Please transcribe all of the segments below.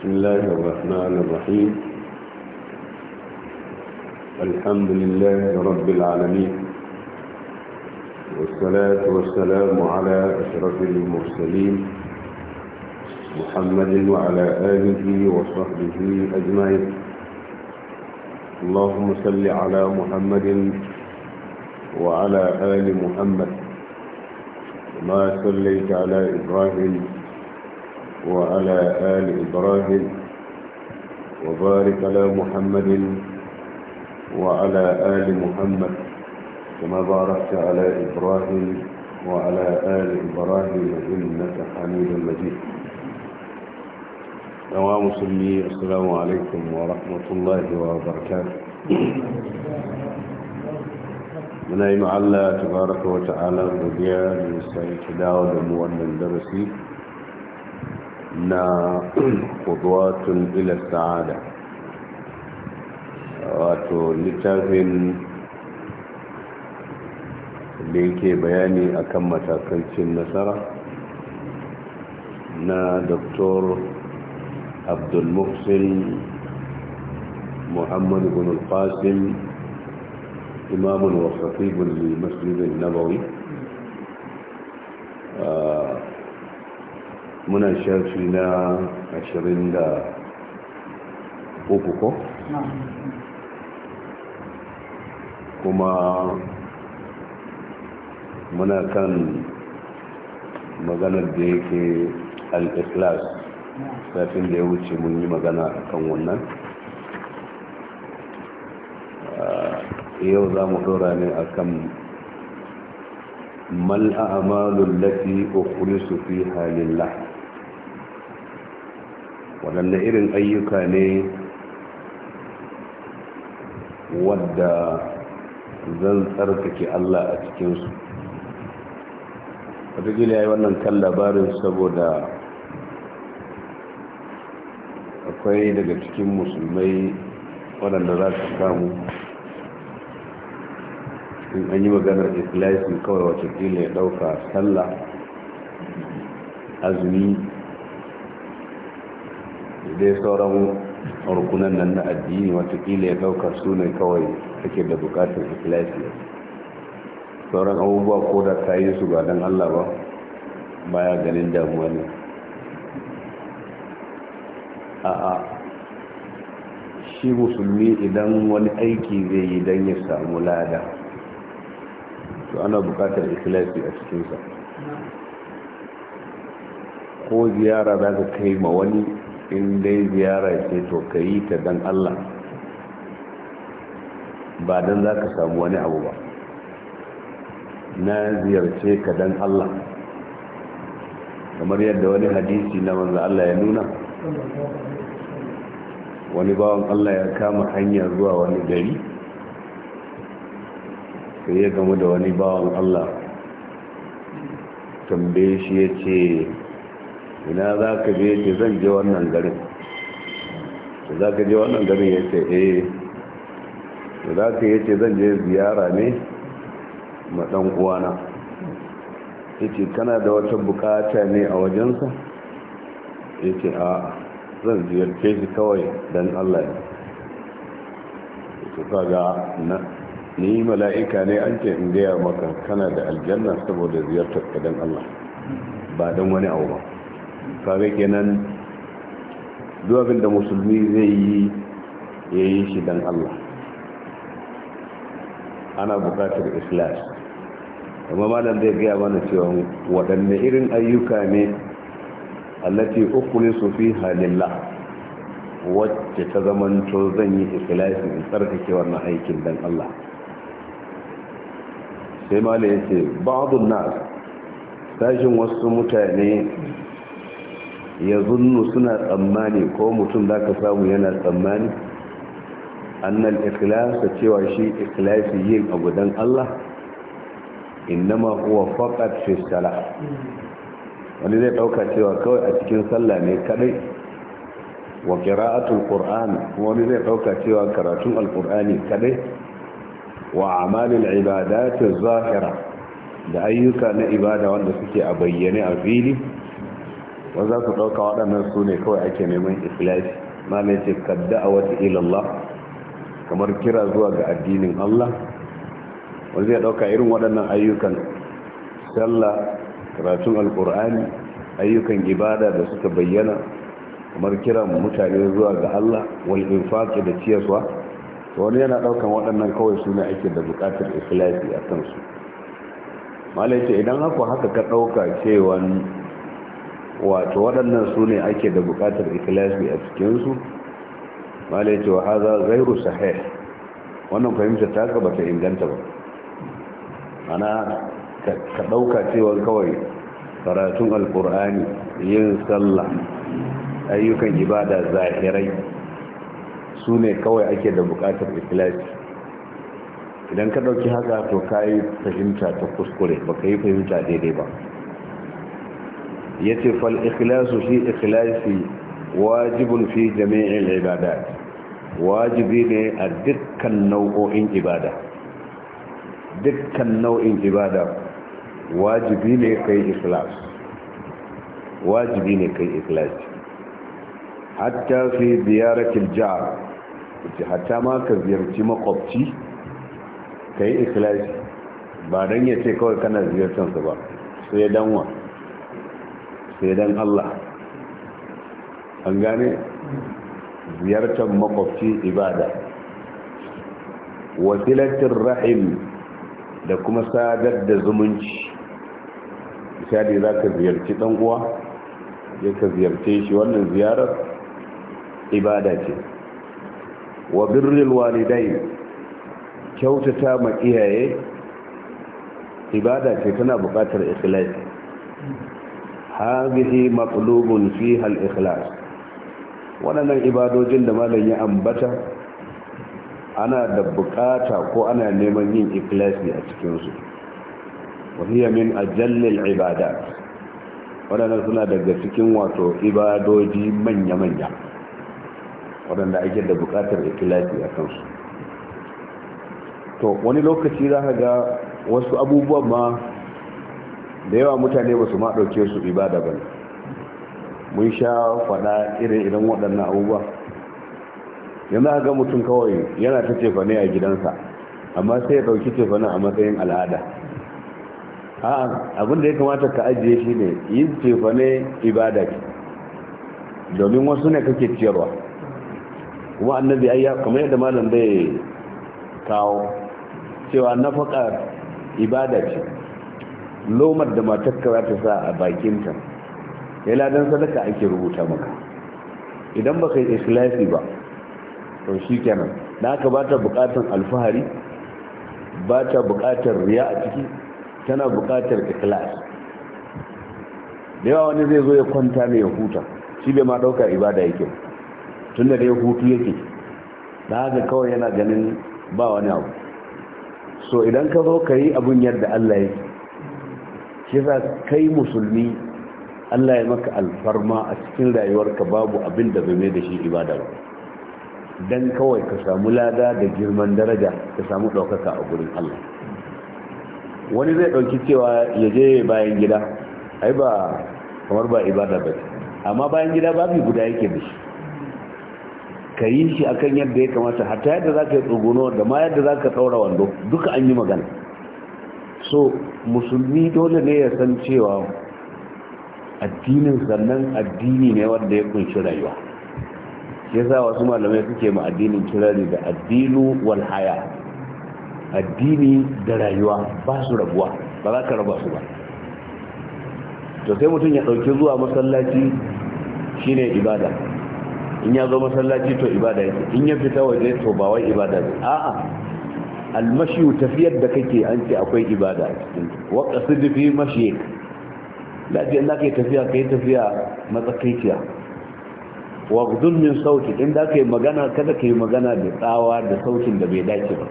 بسم الله الرحمن الرحيم الحمد لله رب العالمين والصلاة والسلام على أشرف المرسلين محمد وعلى آله وصحبه أجمعين اللهم صل على محمد وعلى آل محمد ما صليت على إبراهيم وعلى آل إبراهيم وبارك على محمد وعلى آل محمد كما باركت على إبراهيم وعلى آل إبراهيم إنك حميد مجيد نواة مسلمي السلام عليكم ورحمة الله وبركاته من أي معلّة تبارك وتعالى ta'ala godiya da sai درسي na kudwatun ila sa'ada wato littafin da yake bayani akan matakan cin nasara na dr abdulmuhsin muhammad bin al-qasim imamun wasafibun limasjidin nabawi muna shafi na ashirin da uku ko? kuma muna kan maganar da yake al-islas kafin da ya wuce mun yi magana a kan wannan ah, yau za mu dora ne a kan mal'amalun lafi ƙoƙuri su fi halin lafi waɗanne irin ayyuka ne wadda zan tsarkake Allah a cikinsu watakila ya yi wannan kan labarin saboda akwai daga cikin musulmai waɗanda za su samu in an yi maganar ikhlasi kawai watakila ya ɗauka sallah azumi dai sauran rukunan nan na addini watakila ya ɗauka su ne kawai ake da bukatar ikilasi sauran abubuwa ko da ta yi su ba don allah ba baya ganin damuwa ne a'a shi musulmi idan wani aiki zai yi don ya samu lada to ana bukatar ikilasi a cikinsa ko ziyara za ka kai ma wani in dai ziyara ce to ka yi ta dan Allah ba dan za ka samu wani abu ba na ziyarce ka dan Allah kamar yadda wani hadisi na manzo Allah ya nuna wani bawan Allah ya kama hanyar zuwa wani gari sai ya gamu da wani bawan Allah tambaye shi ya ce ina za ka je ce zan je wannan garin za ka je wannan garin ya ce eh za ka yi ce zan je ziyara ne ma ɗan uwana ya ce kana da wata bukata ne a wajensa ya ce a zan ziyarce shi kawai don allah ya ce na ni mala'ika ne an ce in gaya maka kana da aljanna saboda ziyartar ka don allah ba don wani abu ba kare kenan duwabin da musulmi zai yi ya yi shi don Allah ana bukatar islas amma malam zai gaya mana cewa waɗanne irin ayyuka ne allati ukhlisu fiha lillah wacce ta zamanto zan yi ikhlasi in tsarkake wannan aikin dan Allah sai malam yace ba'dun nas sashin wasu mutane ya zunnu suna tsammani ko mutum za ka samu yana tsammani annal ikhlasa cewa shi ikhlasi yin abu don Allah innama huwa faqat fi salah wani zai ɗauka cewa kawai a cikin sallah ne kadai wa qira'atul qur'an wani zai ɗauka cewa karatun alqur'ani kadai wa ibada ta zahira da ayyuka na ibada wanda suke a bayyane a fili wa za su ɗauka waɗannan su ne kawai ake neman ikhlasi malai ce kadda a wata ilallah kamar kira zuwa ga addinin Allah wani zai ɗauka irin waɗannan ayyukan sallah karatun alkur'ani ayyukan ibada da suka bayyana kamar kiran mutane zuwa ga Allah wal infaki da ciyaswa, wani yana ɗaukan waɗannan kawai su ne ake da buƙatar ikhlasi a kansu malai ce idan haka haka ka ɗauka cewa wato waɗannan su ne ake da buƙatar ikilasi a cikinsu malai ce wa haza zairu sahih wannan fahimta ta gaba bata inganta ba ana ka ɗauka cewa kawai karatun alƙur'ani yin sallah ayyukan ibada zahirai su ne kawai ake da buƙatar ikilasi idan ka ɗauki haka to ka yi fahimta ta kuskure ba ka yi fahimta daidai ba yace fal ikhlasu shi ikilasi wajibin fi jami'il ibadat wajibi ne a dukkan nau'o'in ibada dukkan nau'in ibada wajibi ne kai ikhlas wajibi ne kai ikhlas hatta fi ziyaratil jar hatta ma ka ziyarci makwabci kai ikhlas ba dan ce kawai kana ziyartar sa ba sai danwa sai dan Allah an gane ziyartar makwabci ibada wasilatin rahim da kuma sadar da zumunci misali za ka ziyarci dan uwa ya ka ziyarce shi wannan ziyarar ibada ce wa birnin walidai kyautata ma iyaye ibada ce tana bukatar ikhlasi هذه مطلوب فيها al Waɗannan wannan ibadojin da malam ya ambata ana da bukata ko ana neman yin ikhlasi a cikin su wahiya min suna daga cikin wato ibadoji manya-manya wadanda ake da bukatar ikhlasi a kansu to wani lokaci za ka ga wasu abubuwan ma da yawa mutane ba su ma ɗauke su ibada ba ne mun sha faɗa irin idan waɗannan abubuwa yanzu haka mutum kawai yana ta cefane a gidansa amma sai ya ɗauki cefane a matsayin al'ada a'a abin da ya kamata ka ajiye shi ne yin cefane ibada ce domin wasu ne kake ciyarwa kuma annabi ayya kamar yadda malam bai kawo cewa nafaka ibada ce lomar da matakka za ta sa a bakinta ya ladan sadaka ake rubuta maka idan ba ka yi ikhlasi ba to shi kenan da haka ba ta bukatar alfahari ba ta bukatar riya a ciki tana bukatar ikhlas da yawa wani zai zo ya kwanta ne ya huta shi bai ma ɗauka ibada yake tun da ya hutu yake da haka kawai yana ganin ba wani abu so idan ka zo ka yi abun yadda Allah yake shi kai musulmi Allah ya maka alfarma a cikin rayuwarka babu abin da bai da shi ibada ba dan kawai ka samu lada da girman daraja ka samu ɗaukaka a gurin Allah wani zai ɗauki cewa ya je bayan gida ai ba kamar ba ibada ba amma bayan gida babu guda yake da shi ka yi shi akan yadda ya kamata hatta yadda za ka yi tsuguno da ma yadda za ka ɗaura wando duka an yi magana so musulmi dole ne ya san cewa addinin sannan addini ne wanda ya kunshi rayuwa ya sa wasu malamai suke ma addinin kirari da addinu wal haya addini da rayuwa ba su rabuwa ba za ka raba su ba to sai mutum ya ɗauki zuwa masallaci shine ibada in ya zo masallaci to ibada yake in ya fita waje to ba wai ibada ne a'a almashi tafiyar da kake an ce akwai ibada a cikin wa qasid fi mashi lafiya da kai tafiya ka yi tafiya matsakaiciya wa gudun min sauti in da kai magana kada ka yi magana da tsawa da sautin da bai dace ba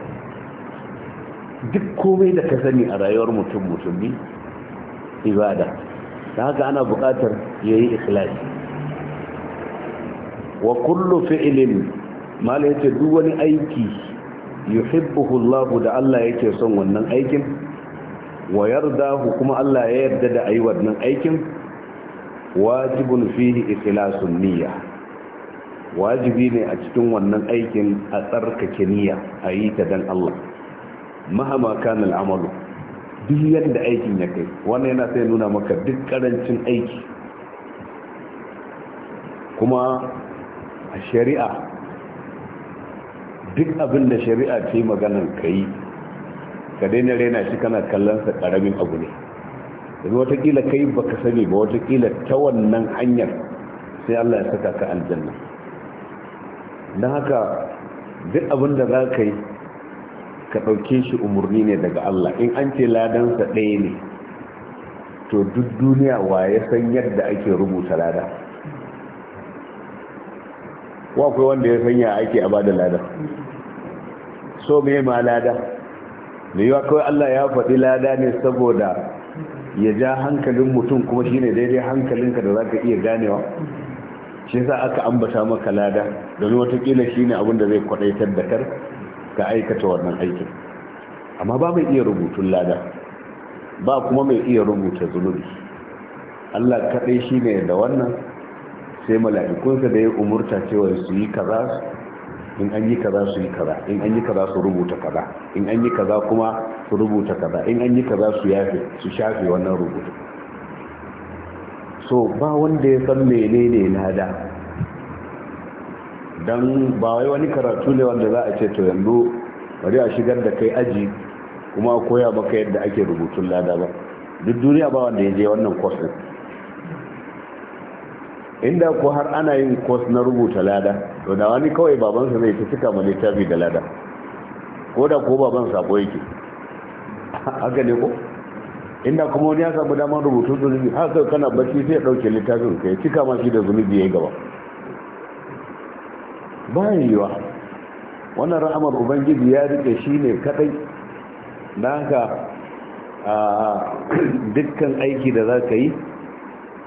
duk komai da ka sani a rayuwar mutum mutumi ibada da haka ana buƙatar yi ikhlasi wa kullu fi'lin mala yace duk wani aiki yuhibbuhu Allah da Allah yake son wannan aikin wa yardahu kuma Allah ya yarda da ayi wannan aikin wajibun fihi ikhlasun niyya wajibi ne a cikin wannan aikin a tsarkake niyya a yi ta dan Allah mahama kana al'amalu duk yadda aikin ya kai wannan yana sai nuna maka duk karancin aiki kuma a shari'a duk abin da shari'a ce maganar ka yi ka daina raina shi kana kallonsa karamin abu ne yanzu watakila kai baka sani ba watakila ta wannan hanyar sai Allah ya saka ka aljanna don haka duk abin da za ka yi ka ɗauke shi umarni ne daga Allah in an ce ladansa ɗaya ne to duk duniya wa ya san yadda ake rubuta lada wa kuwa wanda ya sanya aiki a bada lada so me ma lada da wa kawai Allah ya faɗi lada ne saboda ya ja hankalin mutum kuma shi ne daidai hankalinka da za ka iya ganewa shi za aka ambata maka lada don watakila shi abin da zai kwadaitar da kar ka aikata wannan aikin amma ba mai iya rubutun lada ba kuma mai iya rubuta zunubi Allah kaɗai shi ne da wannan sai mala'ikunsa da ya umurta cewa su yi kaza in an yi kaza su yi kaza in an yi kaza su rubuta kaza in an yi kaza kuma su rubuta kaza in an yi kaza su yafe su shafe wannan rubutu so ba wanda ya san menene lada don ba wai wani karatu ne wanda za a ce to yanzu bari a shigar da kai aji kuma a koya maka yadda ake rubutun lada ba duk duniya ba wanda ya je wannan kwas inda ko har ana yin kwas na rubuta lada to da wani kawai babansa zai ta cika ma littafi da lada ko da ko baban sako yake haka ne ko inda kuma wani ya samu damar rubutu zunubi haka sai kana bacci sai ya dauke littafin ya cika ma shi da zunubi yayi gaba bayan yiwa wannan rahamar ubangiji ya rike shi ne kadai da haka dukkan aiki da za ka yi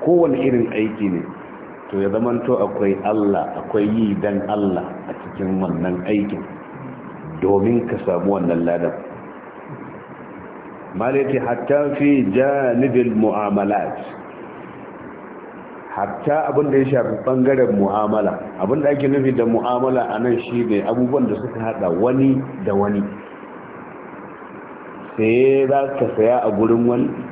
kowane irin aiki ne to ya zamanto akwai Allah akwai yi dan Allah a cikin wannan aikin domin ka samu wannan ladan malaki hatta fi janibil mu'amalat hatta abin da ya shafi bangaren mu'amala abin da ake nufi da mu'amala a nan shi ne abubuwan da suka hada wani da wani sai za ka saya a gurin wani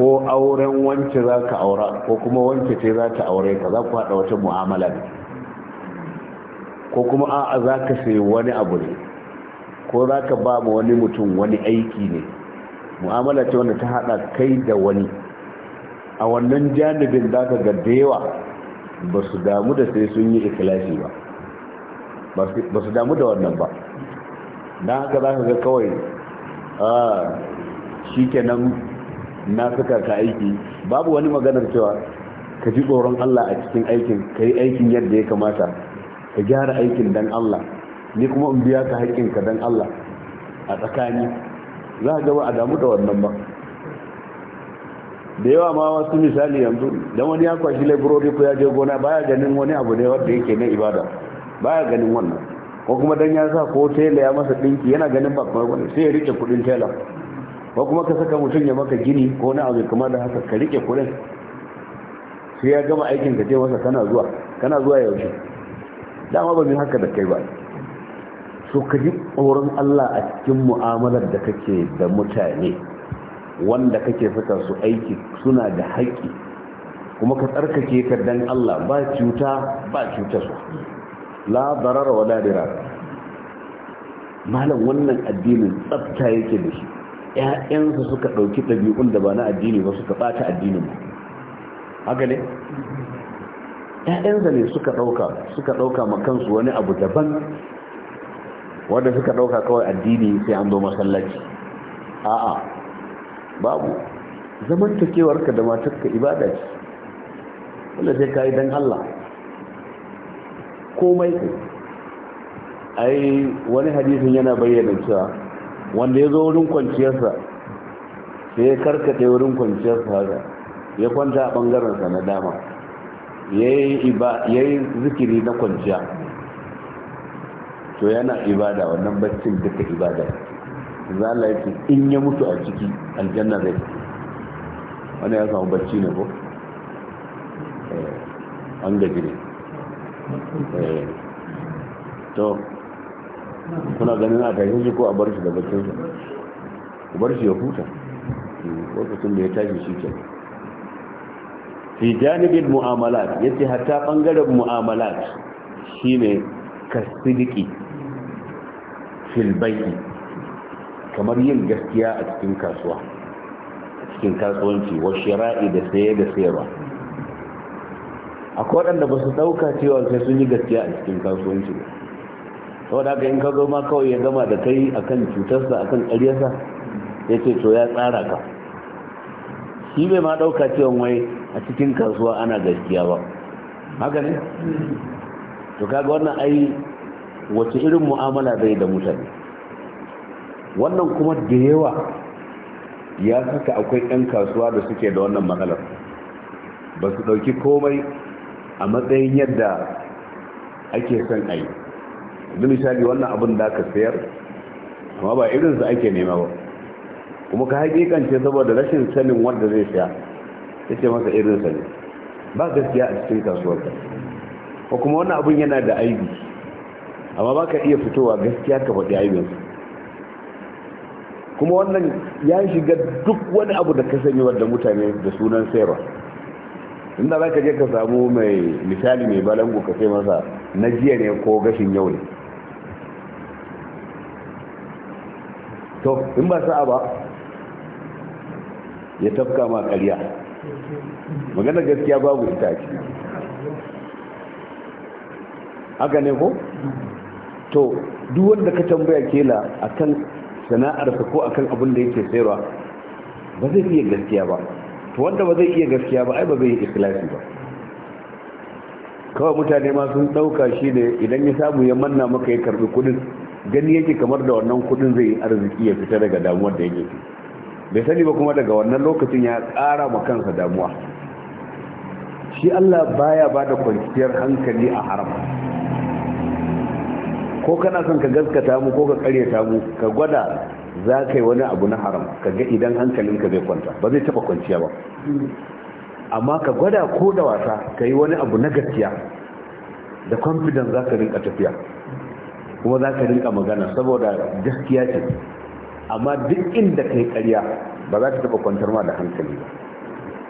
ko auren wance za ka aura ko kuma wance ce za ta aure ka za ku haɗa wata mu'amala ne ko kuma a'a za ka sayi wani abu ne ko za ka ba ma wani mutum wani aiki ne mu'amala ce wanda ta haɗa kai da wani a wannan janibin za ka ga da yawa ba su damu da sai sun yi ikilasi ba ba su damu da wannan ba don haka za ka ga kawai ah, shi kenan na saka ka aiki babu wani maganar cewa ka ji tsoron Allah a cikin aikin ka yi aikin yadda ya kamata ka gyara aikin dan Allah ni kuma in biya ka haƙƙin ka dan Allah a tsakani za ka gaba a damu da wannan ba da yawa ma wasu misali yanzu dan wani ya kwashi laifurori ko ya je gona baya ganin wani abu ne wanda yake na ibada baya ganin wannan ko kuma dan ya sa ko tela ya masa dinki yana ganin ba kuma sai ya rike kudin tela ba kuma ka saka mutum ya maka gini ko na abu kuma da haka ka rike kuɗin sai ya gama aikin ka ce masa kana zuwa kana zuwa yaushe dama ba mu haka da kai ba so ka ji tsoron Allah a cikin mu'amalar da kake da mutane wanda kake saka su aiki suna da haƙƙi kuma ka tsarkake ka dan Allah ba cuta ba cuta su la wa la dirar malam wannan addinin tsafta yake da shi ‘ya’yansu suka ɗauki ɗabi'un da ba na addini ba suka ɓata addinin mu, haka ne Ya'yansa ne suka ɗauka suka ɗauka ma kansu wani abu daban wanda suka ɗauka kawai addini sai an zo masallaci a'a babu Zaman ka da ka ibada ce wanda sai ka yi don Allah komai ai wani hadisin yana bayyana cewa wanda ya zo wurin kwanciyarsa sai ya karkata wurin kwanciyarsa haka ya kwanta a ɓangarensa na dama ya yi zikiri na kwanciya to yana ibada wannan baccin duka ibada za zala yake in ya mutu a ciki aljanna zai wani ya samu bacci ne ko eh, an gaji ne eh, to kuna ganin a tashin shi ko a bar shi da bakin sa ku bar shi ya huta lokacin da ya tashi shi ke fi janibin mu'amalat yace hatta bangaren mu'amalat shine kasidiki fil bayi kamar yin gaskiya a cikin kasuwa cikin kasuwanci wa shira'i da saye da sayarwa akwai waɗanda ba su ɗauka cewa sai sun yi gaskiya a cikin kasuwanci ba wadda ka in ka ma kawai ya gama da kai akan cutarsa kan ƙaryarsa ya ce to ya tsara ka shi bai ma ɗauka cewa wai a cikin kasuwa ana gaskiya ba haka ne to kaga wannan ai wace irin mu'amala zai da mutane wannan kuma da yawa ya saka akwai 'yan kasuwa da suke da wannan matsalar ba su ɗauki komai a matsayin yadda ake son a yi da misali wannan abin da aka sayar amma ba su ake nema ba kuma ka hakikance saboda rashin sanin wanda zai sha ya ce masa irinsa ne ba gaskiya a cikin kasuwarka ko kuma wannan abin yana da aibi amma ba ka iya fitowa gaskiya ka faɗi aibinsa kuma wannan ya shiga duk wani abu da ka sani wadda mutane da sunan sayarwa inda za ka je ka samu mai misali mai balangu ka sai masa na jiya ne ko gashin yau ne to in ba sa'a ba ya tafka ma ƙarya magana gaskiya babu ita ce haka ne ko to duk wanda ka tambaya kela akan sana'arsa ko akan abin da yake sayarwa ba zai iya gaskiya ba to wanda ba zai iya gaskiya ba ai ba zai yi ikhlasi ba kawai mutane ma sun ɗauka shi ne idan ya samu ya manna maka ya karbi kudin gani yake kamar da wannan kudin zai arziki ya fita daga damuwar da yake bai sani ba kuma daga wannan lokacin ya kara ma kansa damuwa shi Allah baya ba da kwanciyar hankali a haram ko kana son ka gaskata mu ko ka karyata mu ka gwada za ka yi wani abu na haram ka ga idan hankalinka zai kwanta ba zai taba kwanciya ba amma ka gwada ko da wasa ka yi wani abu na gaskiya da confidence za ka rinka tafiya kuma za ka rinka magana saboda gaskiya ce amma duk inda ka yi karya ba za ta taɓa kwantar ma da hankali ba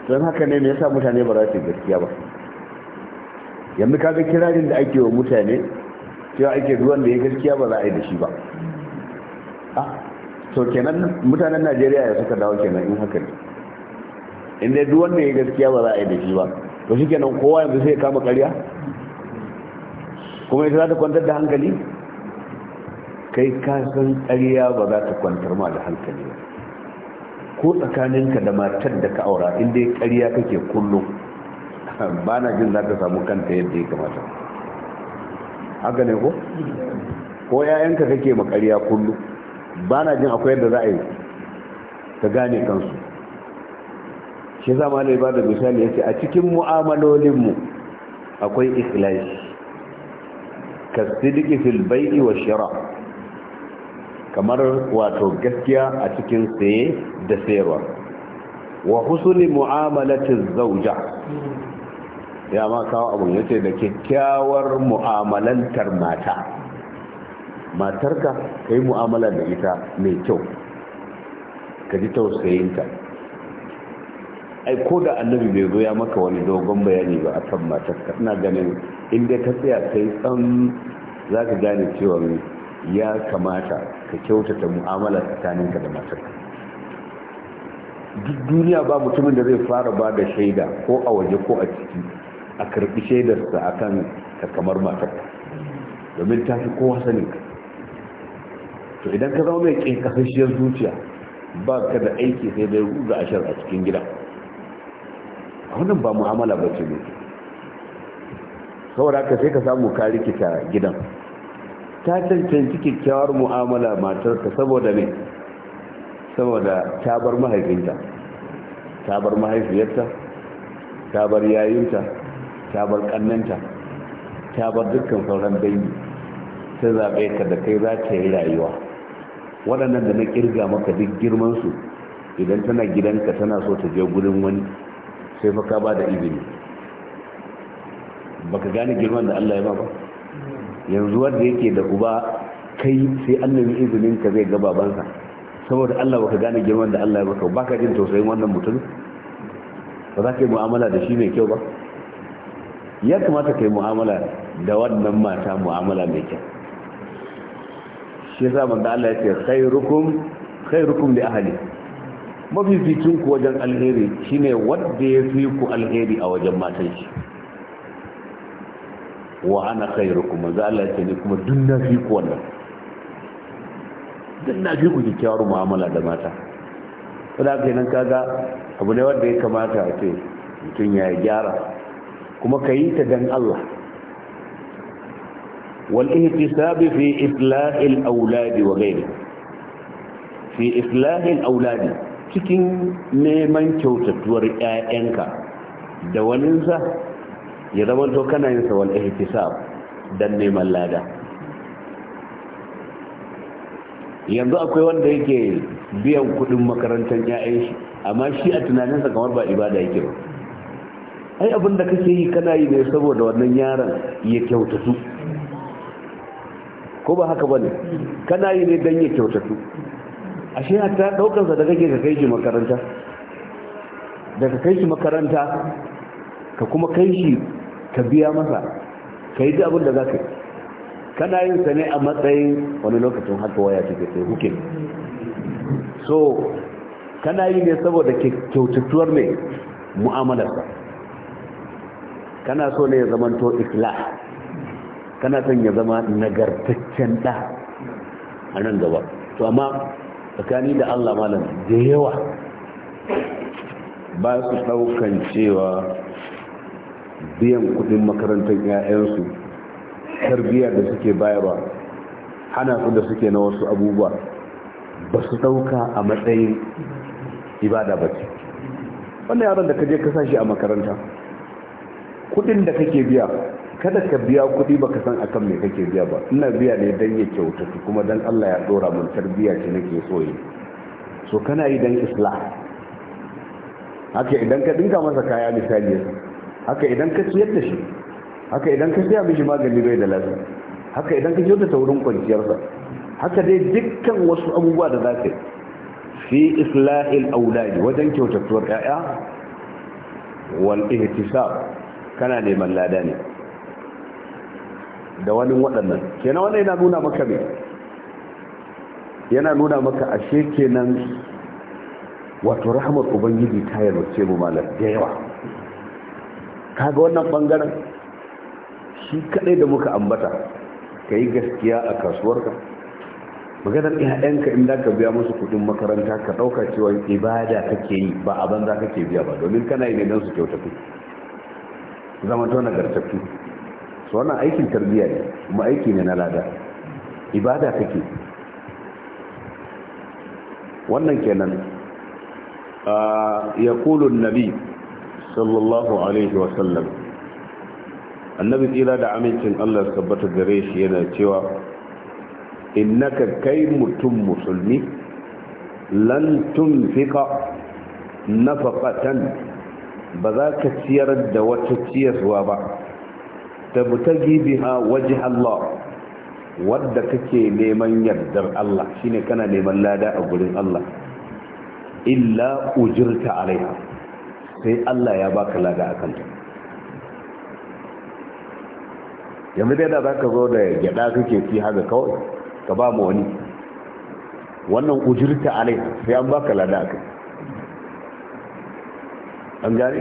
don haka ne me yasa mutane ba za su yi gaskiya ba yanzu ga kirarin da ake wa mutane cewa ake ruwan da ya gaskiya ba za a yi da shi ba ah, to kenan mutanen najeriya ya suka dawo kenan in haka ne in dai duk wanda ya gaskiya ba za a yi da shi ba to shi kenan kowa yanzu sai ya kama karya kuma ita za ta kwantar da hankali kai ka san ba za ta kwantar ma da hankali ba ko tsakaninka da matar da ka aura inda ya ƙariya kake kullum ba na jin za ta samu kanta yadda ya kamata haka ne ko? ko yayanka kake ma ƙariya kullum ba na jin akwai yadda za a yi ta gane kansu shi zama ne ba da misali ya ce a cikin mu'amalolinmu akwai ikhlasi kasidiki fil bai'i wa shira' kamar wato gaskiya a cikin saye da sayarwa wa husuli mu'amalatin zauja ya ma kawo abun ya ce da kyakkyawar mu'amalantar mata matarka ka yi mu'amala da ita mai kyau ka ji tausayinta ai ko da annabi bai zo ya maka wani dogon bayani ba akan matarka ina ganin inda ta tsaya sai tsan za ka gane cewa ya kamata ka kyautata mu'amala tsakaninka da matarka duk duniya ba mutumin da zai fara ba da shaida ko a waje ko a ciki a karbi shaidarsa a kan ka kamar matarka domin ta fi kowa saninka to idan ka zama mai ƙinƙasashiyar zuciya ba ka da aiki sai dai ruga ashar a cikin gida wannan ba mu'amala ba ce ne saboda haka sai ka samu ka rikita gidan ta cancanci kyakkyawar mu'amala matarka saboda ne saboda ta bar mahaifinta ta bar mahaifiyarta ta bar yayinta ta bar kannanta ta bar dukkan sauran dangi ta zaɓe ka da kai za ta yi rayuwa waɗannan da na ƙirga maka duk girmansu idan tana gidanka tana so ta je gurin wani sai fa ka ba da izini ka gane girman da Allah ya ba ba yanzu wanda yake da uba kai sai annabi izinin ka zai ga babansa saboda Allah baka gane girman da Allah ya maka baka jin tausayin wannan mutum ba za ka yi mu'amala da shi mai kyau ba ya kamata ka yi mu'amala da wannan mata mu'amala mai kyau shi yasa manzo Allah ya ce sai khairukum li ahli mafificin ku wajen alheri shine wanda ya fi ku alheri a wajen matan shi wa ana khairukum manzo Allah ya ce ni kuma duk na fi ku wannan duk na fi ku kyakkyawar mu'amala da mata saboda haka nan kaga abu ne wanda ya kamata a ce mutum ya yi gyara kuma ka yi ta dan Allah wal ihtisabi fi islahil auladi wa ghairi fi islahil auladi cikin neman kyautatuwar 'ya'yanka, da waninsa ya zama to kana yin sa wal ihtisab dan neman lada yanzu akwai wanda yake biyan kudin makarantar ƴaƴan shi amma shi a tunaninsa kamar ba ibada yake ba ai abin da kake yi kana yi ne saboda wannan yaron ya kyautatu ko ba haka bane kana yi ne don ya kyautatu ashe hatta daukansa da kake ka kai shi makaranta da ka kai shi makaranta ka kuma kai shi ka biya masa ka yi abin da za ka yi kana yin sa ne a matsayin wani lokacin haka waya take sai hukin so kana yi ne saboda kyautattuwar mai mu'amalarsa kana so ne ya zamanto islah kana son ya zama nagartaccen ɗa a nan gaba to amma tsakani da allah malam da yawa ba su ɗaukan cewa biyan kudin makarantar 'ya'yansu tarbiyya da suke bayarwa hana su da suke na wasu abubuwa ba su ɗauka a matsayin ibada ba ce wannan yaron da ka je ka shi a makaranta kudin da kake biya kada ka biya kudi baka san akan me kake biya ba ina biya ne dan ya kyautatu kuma dan Allah ya dora mun tarbiyya ce nake so yi so kana yi dan islah haka idan ka dinka masa kaya misali haka idan ka ciyar da shi haka idan ka siya mishi magani bai da lafiya haka idan ka kyautata wurin kwanciyarsa haka dai dukkan wasu abubuwa da za ka yi fi isla'il auladi wajen kyautatuwar 'ya'ya wal ihtisab kana neman lada ne da wani waɗannan kenan wannan yana nuna maka me yana nuna maka ashe kenan wato rahmar ubangiji ta yarwace mu malam da yawa kaga wannan bangaren shi kadai da muka ambata ka yi gaskiya a kasuwarka maganar iyayenka in za ka biya musu kudin makaranta ka ɗauka cewa ibada kake yi ba a banza kake biya ba domin kana yi ne don su kyautafi. zama tona nagartattu su wannan aikin tarbiyya ne kuma aiki ne na lada ibada kake wannan kenan ah, ya kulun nabi sallallahu alaihi wasallam annabi tsira da amincin allah sabbata gare shi yana cewa innaka kai mutum musulmi lan tunfika nafaqatan ba za ka ciyar da wata ciyarwa ba tabtagi gibiha waje Allah wadda kake neman yardar Allah shine kana neman lada a gurin Allah illa ujirta alaiha sai Allah ya baka lada a kanta yanzu dai da za ka zo da gyada kake fi haka kawai ka ba mu wani wannan ujirta alai sai an baka lada akan an gane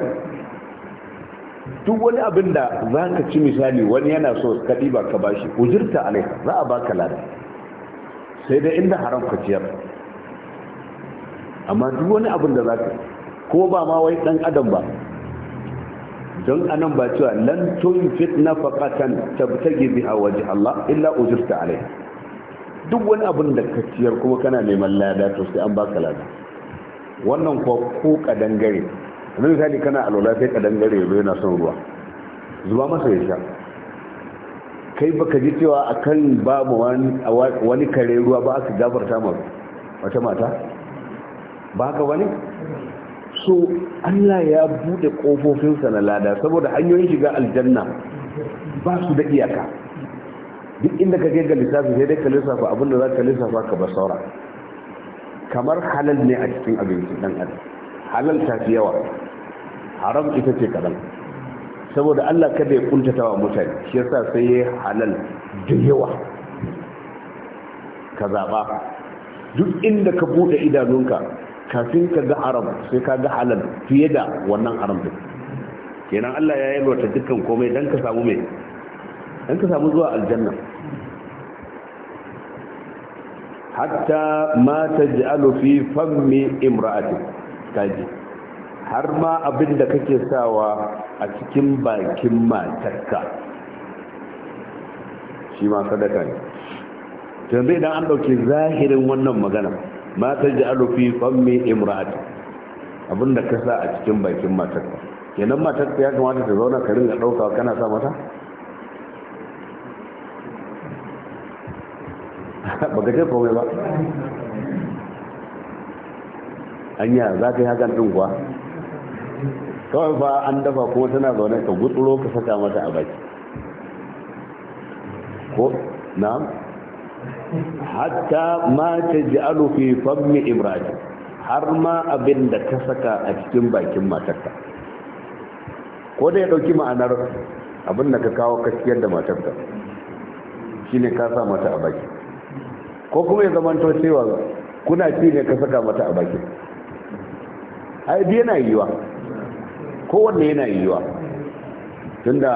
duk wani abin da za ka ci misali wani yana so ka ba ka bashi ujirta alai za a baka lada sai dai inda haram ka amma duk wani abin da za ka ko ba ma wai dan adam ba don anan ba cewa lan fitna faqatan tabtagi biha wajh Allah illa ujirta alai? duk wani abin da ka ciyar kuma kana neman lada to sai an baka lada wannan ko ko kadan gare misali kana alola sai kadan gare yanzu yana son ruwa zuba masa ya kai baka ji cewa akan mu wani kare ruwa ba aka gabarta mu wata mata ba haka wani so Allah ya bude kofofinsa na lada saboda hanyoyin shiga aljanna ba su da iyaka duk inda ka ga lissafi sai dai ka lissafa da za ka lissafa ka ba saura kamar halal ne a cikin abinci dan adam halal ta fi yawa haram ita ce kadan saboda Allah kada ya kuntata wa mutane shi yasa sai ya halal da yawa ka zaba duk inda ka bude idanunka kafin ka ga haram sai ka ga halal fiye da wannan haram din kenan Allah ya yi wata dukkan komai dan ka samu mai dan ka samu zuwa aljanna hatta ma taj'alu fi fammi imra'ati kaji har ma abin da kake sawa a cikin bakin matarka shi ma sadaka ne yanzu idan an dauke zahirin wannan magana ma ta ji alufi fammi imrati abinda ka sa a cikin bakin matarka kenan matarka ya kamata ta zauna ka ringa ɗauka kana sa mata baka ce komai ba anya za ka yi hakan ɗin kuwa kawai fa an dafa kuma tana zaune ka gutsuro ka saka mata a baki ko na'am hatta ma taj'alu fi fammi Ibrahim, har ma abin da ka saka a cikin bakin matarka ko da ya dauki ma'anar abin da ka kawo kaskiyar da matarka shine ka sa mata a baki ko kuma ya zamanto cewa kuna ci ne ka saka mata a baki ai yana yiwa kowanne yana yiwa tunda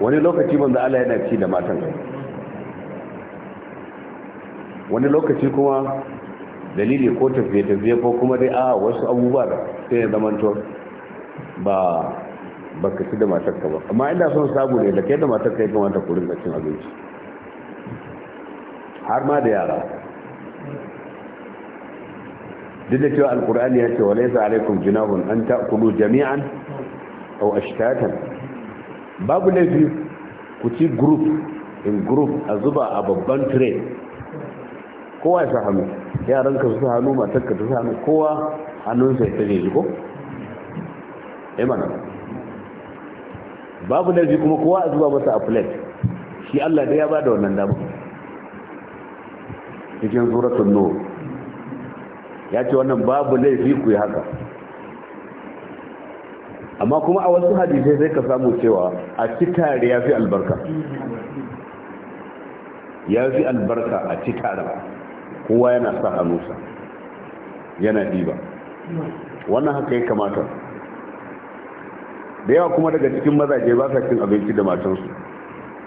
wani lokaci manzo Allah yana ci da matan wani lokaci kuma dalili ko tafiye-tafiye ko kuma dai a wasu abubuwa da sai ya zamantar ba ba ka ci da matarka ba amma inda son sabu ne da kai da matarka ya kamata ku da cin abinci har ma da yara duk da cewa alkur'ani ya ce wa laisa alaikum junahun an ta'kulu jami'an aw ashtatan babu laifi ku ci group in group a zuba a babban tray kowa ya sa hannu yaran ka su hannu matar ka su hannu kowa hannunsa sai tare shi ko imana eh babu laifi kuma kowa a zuba masa a plate shi Allah dai ya ba da wannan dama cikin suratul nur ya ce wannan babu laifi ku yi haka amma kuma a wasu hadisai sai ka samu cewa a ci tare ya fi albarka ya fi albarka a ci tare kowa yana sa hannunsa yana diba wannan haka ya kamata da yawa kuma daga cikin mazaje ba sa cin abinci da matansu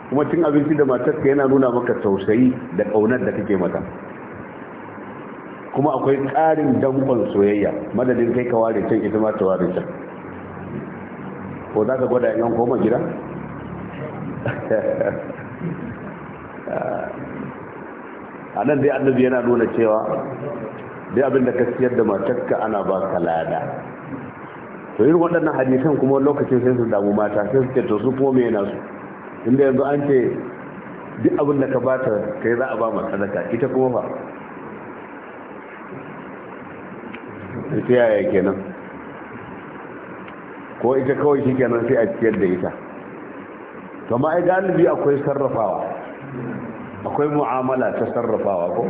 kuma cin abinci da matarka yana nuna maka tausayi da ƙaunar da take mata kuma akwai ƙarin danƙon soyayya madadin kai ka ware can ita ma ware can ko za ka gwada yan koma gida a nan dai annabi yana nuna cewa dai abin da ka siyar da matarka ana ba ka lada to yin waɗannan hadisan kuma lokacin sai su damu mata sai su ke to su kome yana su inda yanzu an ce duk abin da ka bata kai za a ba ma sadaka ita kuma fa ita yaya kenan ko ita kawai shi kenan sai a ciyar da ita to ma ai galibi akwai sarrafawa akwai mu'amala ta sarrafawa ko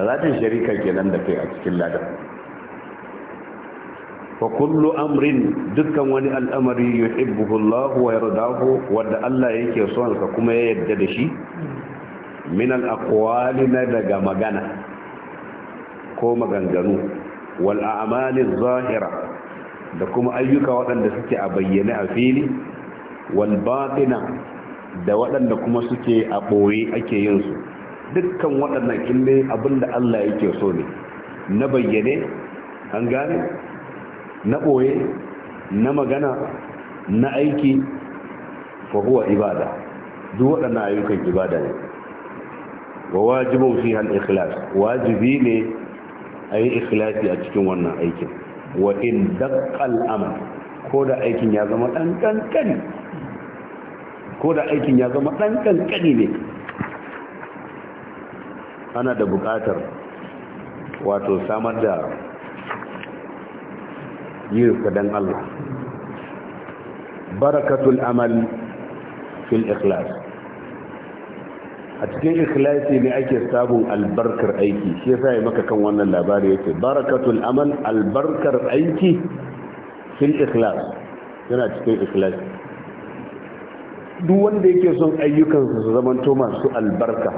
zatin sharika kenan da kai a cikin ladan fa kullu amrin dukkan wani al'amari yuhibbuhu Allah wa yardahu wanda Allah yake son sa kuma ya yarda da shi min al-aqwali na daga magana ko maganganu wal a'mali zahira da kuma ayyuka waɗanda suke a bayyane a fili wal batina da waɗanda kuma suke a ɓoye ake yin su dukkan waɗannan abin abinda Allah yake so ne na bayyane an gane na ɓoye na magana na aiki fahuwa ibada duk waɗannan ayyukan ibada ne wa wajibin fi hal ikhlas wajibi ne a yi ikhlasi a cikin wannan aikin wa in dakkal amal ko da aikin ya zama ɗan ƙanƙani ko da aikin ya zama ɗan ƙanƙani ne ana da buƙatar wato samar da yin don Allah barakatul amal fil ikhlas a cikin ikhlasi ne ake sabon albarkar aiki shi ya ya maka kan wannan labari yake barakatul amal albarkar aiki fil ikhlas yana cikin ikhlasi duk wanda yake son ayyukansa su zamanto masu albarka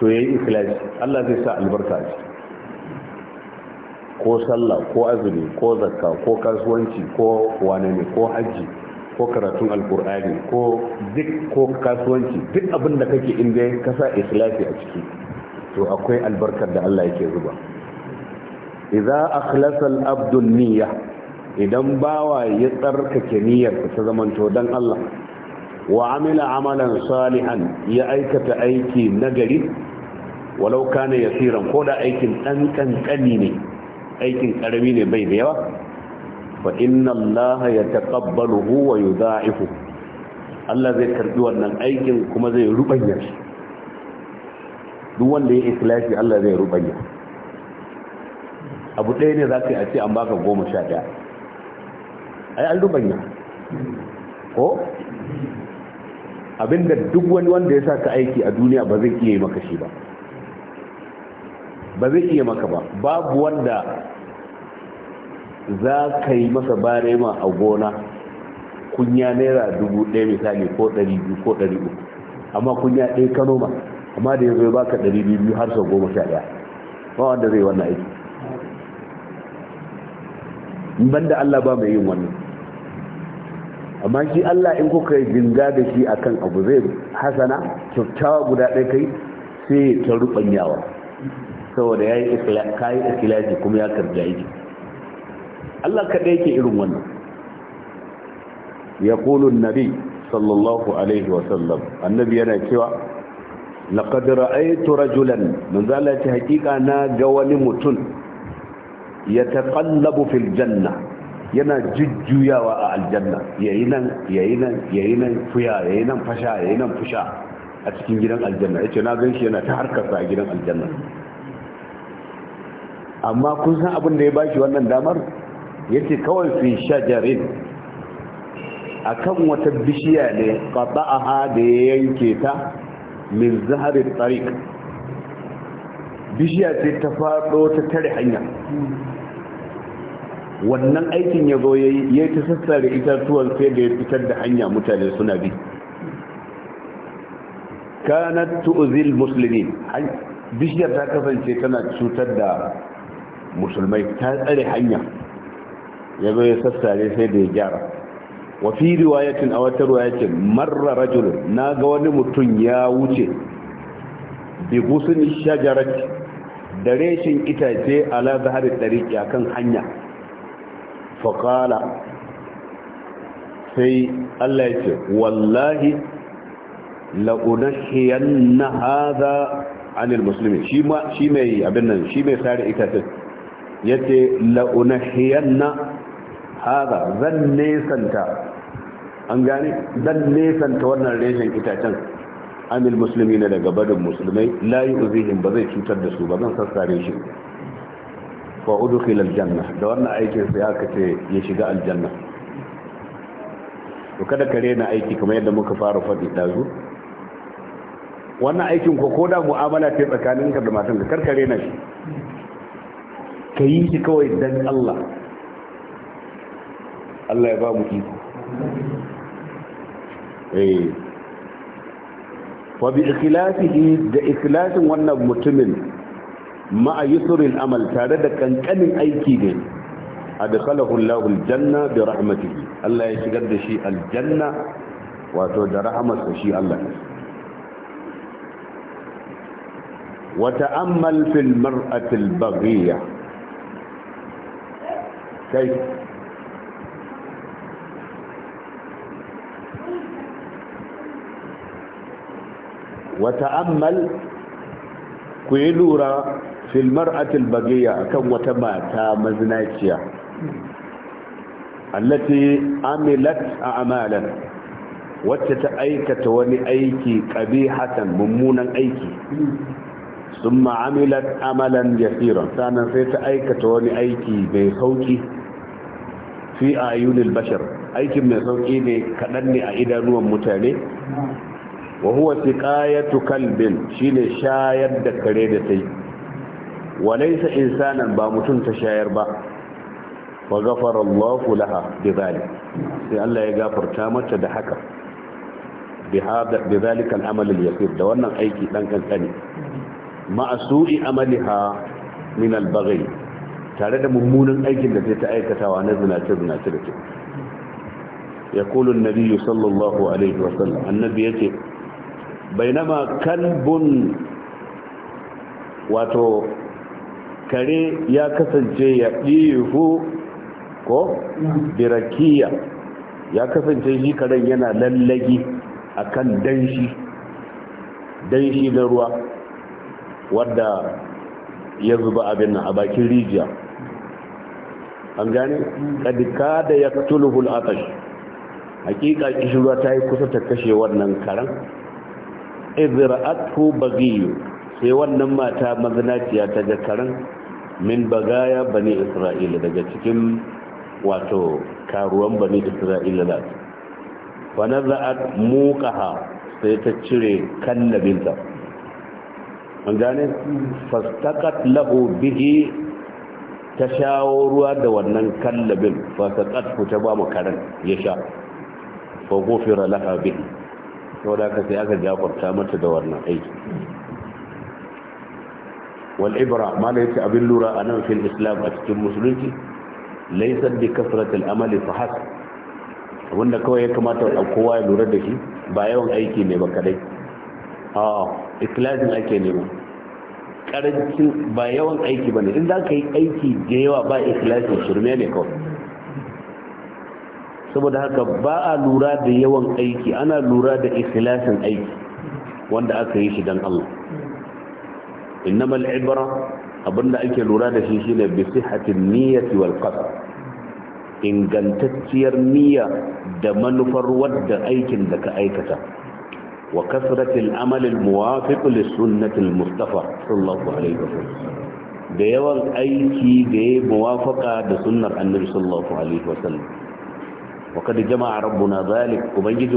to yayi ikhlas Allah zai sa albarka ce ko sallah ko azumi ko zakka ko kasuwanci ko wane ne ko haji ko karatun alkur'ani ko duk ko kasuwanci duk abin da kake inda ka sa ikhlasi a ciki to akwai albarkar da Allah yake zuba idza akhlasa al-abdu niyya idan bawa ya tsarkake niyyar ta zamanto dan Allah wa amila amalan salihan ya aikata aiki nagari walau kana yasiran ko da aikin dan kankani ne aikin karami ne bai da yawa fa inna Allah ya yataqabbaluhu wa yudha'ifu Allah zai karbi wannan aikin kuma zai rubanya shi duk wanda ya ikhlasi Allah zai rubanya abu ɗaya ne za ka yi a ce an baka goma sha ɗaya ai an rubanya ko abinda duk wani wanda ya sa ka aiki a duniya ba zai iya maka shi ba ba zai iya maka ba babu wanda za ka yi masa barema a gona kunya naira dubu ɗaya misali ko ɗari biyu ko ɗari uku amma kunya ɗaya ka noma amma da ya zo baka ɗari biyu har sau goma sha ɗaya ba wanda zai wannan aiki ban da allah ba mai yin wannan amma shi Allah in kuka yi ginga da shi akan abu zai hasana kyakkyawa guda ɗaya kai sai ta rubanyawa saboda ya yi kayi ikilaji kuma ya karbi yake. Allah kaɗai yake irin wannan ya nabi sallallahu alaihi wa sallam, annabi yana cewa laqad ra'aytu rajulan man zalati haqiqa na ga wani mutum yataqallabu fil janna yana jujjuyawa a aljanna yayi nan yayi nan yayi nan fuya yayi nan fasha yayi nan fusha a cikin gidan aljanna yace na ganshi yana ta harkarsa a gidan aljanna amma kun san abin da ya bashi wannan damar yace kawai fi shajarin akan wata bishiya ne qata'aha da ya yanke ta min zahari tariq bishiya ce ta fado ta tare hanya wannan aikin ya zo ya yi ta sassare itatuwan sai da ya fitar da hanya mutane suna bi kanat tu'zil muslimin bishiyar ta kasance tana cutar da musulmai ta tsare hanya ya zo ya sassare sai da ya gyara wa fi riwayatin a wata riwayatin marra rajul na ga wani mutum ya wuce bi gusun shajarat da reshin itace ala zahari tsariki kan hanya faƙala sai Allah ya ce wallahi la'unahiyan na haza anil musulmi shi mai abin nan shi mai sare itatun ya ce la'unahiyan na haza zan nesanta an gane zan nesanta wannan reshen itacen anil musulmi na daga barin musulmai layi uzihin ba zai cutar da su ba zan sassare shi fa udkhila aljanna da wannan aikin sai aka ce ya shiga aljanna to kada ka rena aiki kamar yadda muka fara faɗi dazu wannan aikin ko koda mu'amala ce tsakaninka da matan ka karka shi ka yi shi kawai dan Allah Allah ya ba mu iko eh wa bi ikhlasihi da ikhlasin wannan mutumin ma'a yusrin amal tare da kankanin aiki ne adkhalahu Allahu aljanna bi rahmatihi Allah ya shigar da shi aljanna wato da rahmatsa shi Allah wa ta'ammal fil mar'ati albaghiya kai wa ta'ammal ku yi lura fil atilbagiya kan akan wata mata mazinaciya allati amilat a'malan wacce ta aikata wani aiki ƙabihatan mummunan aiki Sun amilat amalan yasiran sannan sai ta aikata wani aiki mai sauki fi ayunil bashar aikin mai sauki ne kaɗan ne a idanuwan mutane wa huwa siqayatu kalbin shine shayar da kare da tai walaysa insanan ba mutum ta shayar ba wa ghafara Allahu laha bidhalik sai Allah ya gafarta mata da haka bihada bidhalika al-amal al-yasir da wannan aiki dan kankani ma'asu'i amaliha min al-baghi tare da mummunan aikin da zai ta aikatawa na zinace zinace da ke يقول النبي صلى الله عليه وسلم النبي يتي بينما كلب wato. kare ya kasance ya ɗihu ko birakiya ya kasance shi karen yana lallagi a kan danshi danshi na ruwa wadda ya zuba abin a bakin rijiya an gani ƙadika da ya tuluhul atash hakika kishirwa ta yi kusa ta kashe wannan karen izra'atu bagiyu sai wannan mata mazinaciya ta ga min bagaya bani isra'ila daga cikin wato karuwan bani isra'ila za su fana za'at mukaha sai ta cire nabinta an gane fastakat lahu bihi ta shawo ruwa da wannan kallabin fasakat ku ta ba mu karin ya sha fa gofira laha bihi saboda ka sai aka jakwarta mata da wannan aiki والعبرة ما ليس أبن لورا أنا في الإسلام أتكلم مسلمتي ليس بكثرة fa فحسب wanda kawai ya kamata a kowa ya lura da shi ba yawan aiki ne ba kadai a ikilasin ake nema karancin ba yawan aiki ba ne in za ka yi aiki da yawa ba ikilasin shirme ne kawai saboda haka ba a lura da yawan aiki ana lura da ikilasin aiki wanda aka yi shi don allah innamal ibra abinda ake lura da shi shine bi sihhatin niyyati wal ingantacciyar niyya da manufar wadda aikin da ka aikata wa kasratil amal al muwafiq lis sunnati al mustafa sallallahu alaihi wasallam da yawan aiki da ya muwafaka da sunnar annabi sallallahu alaihi wasallam wa kad jama'a rabbuna zalik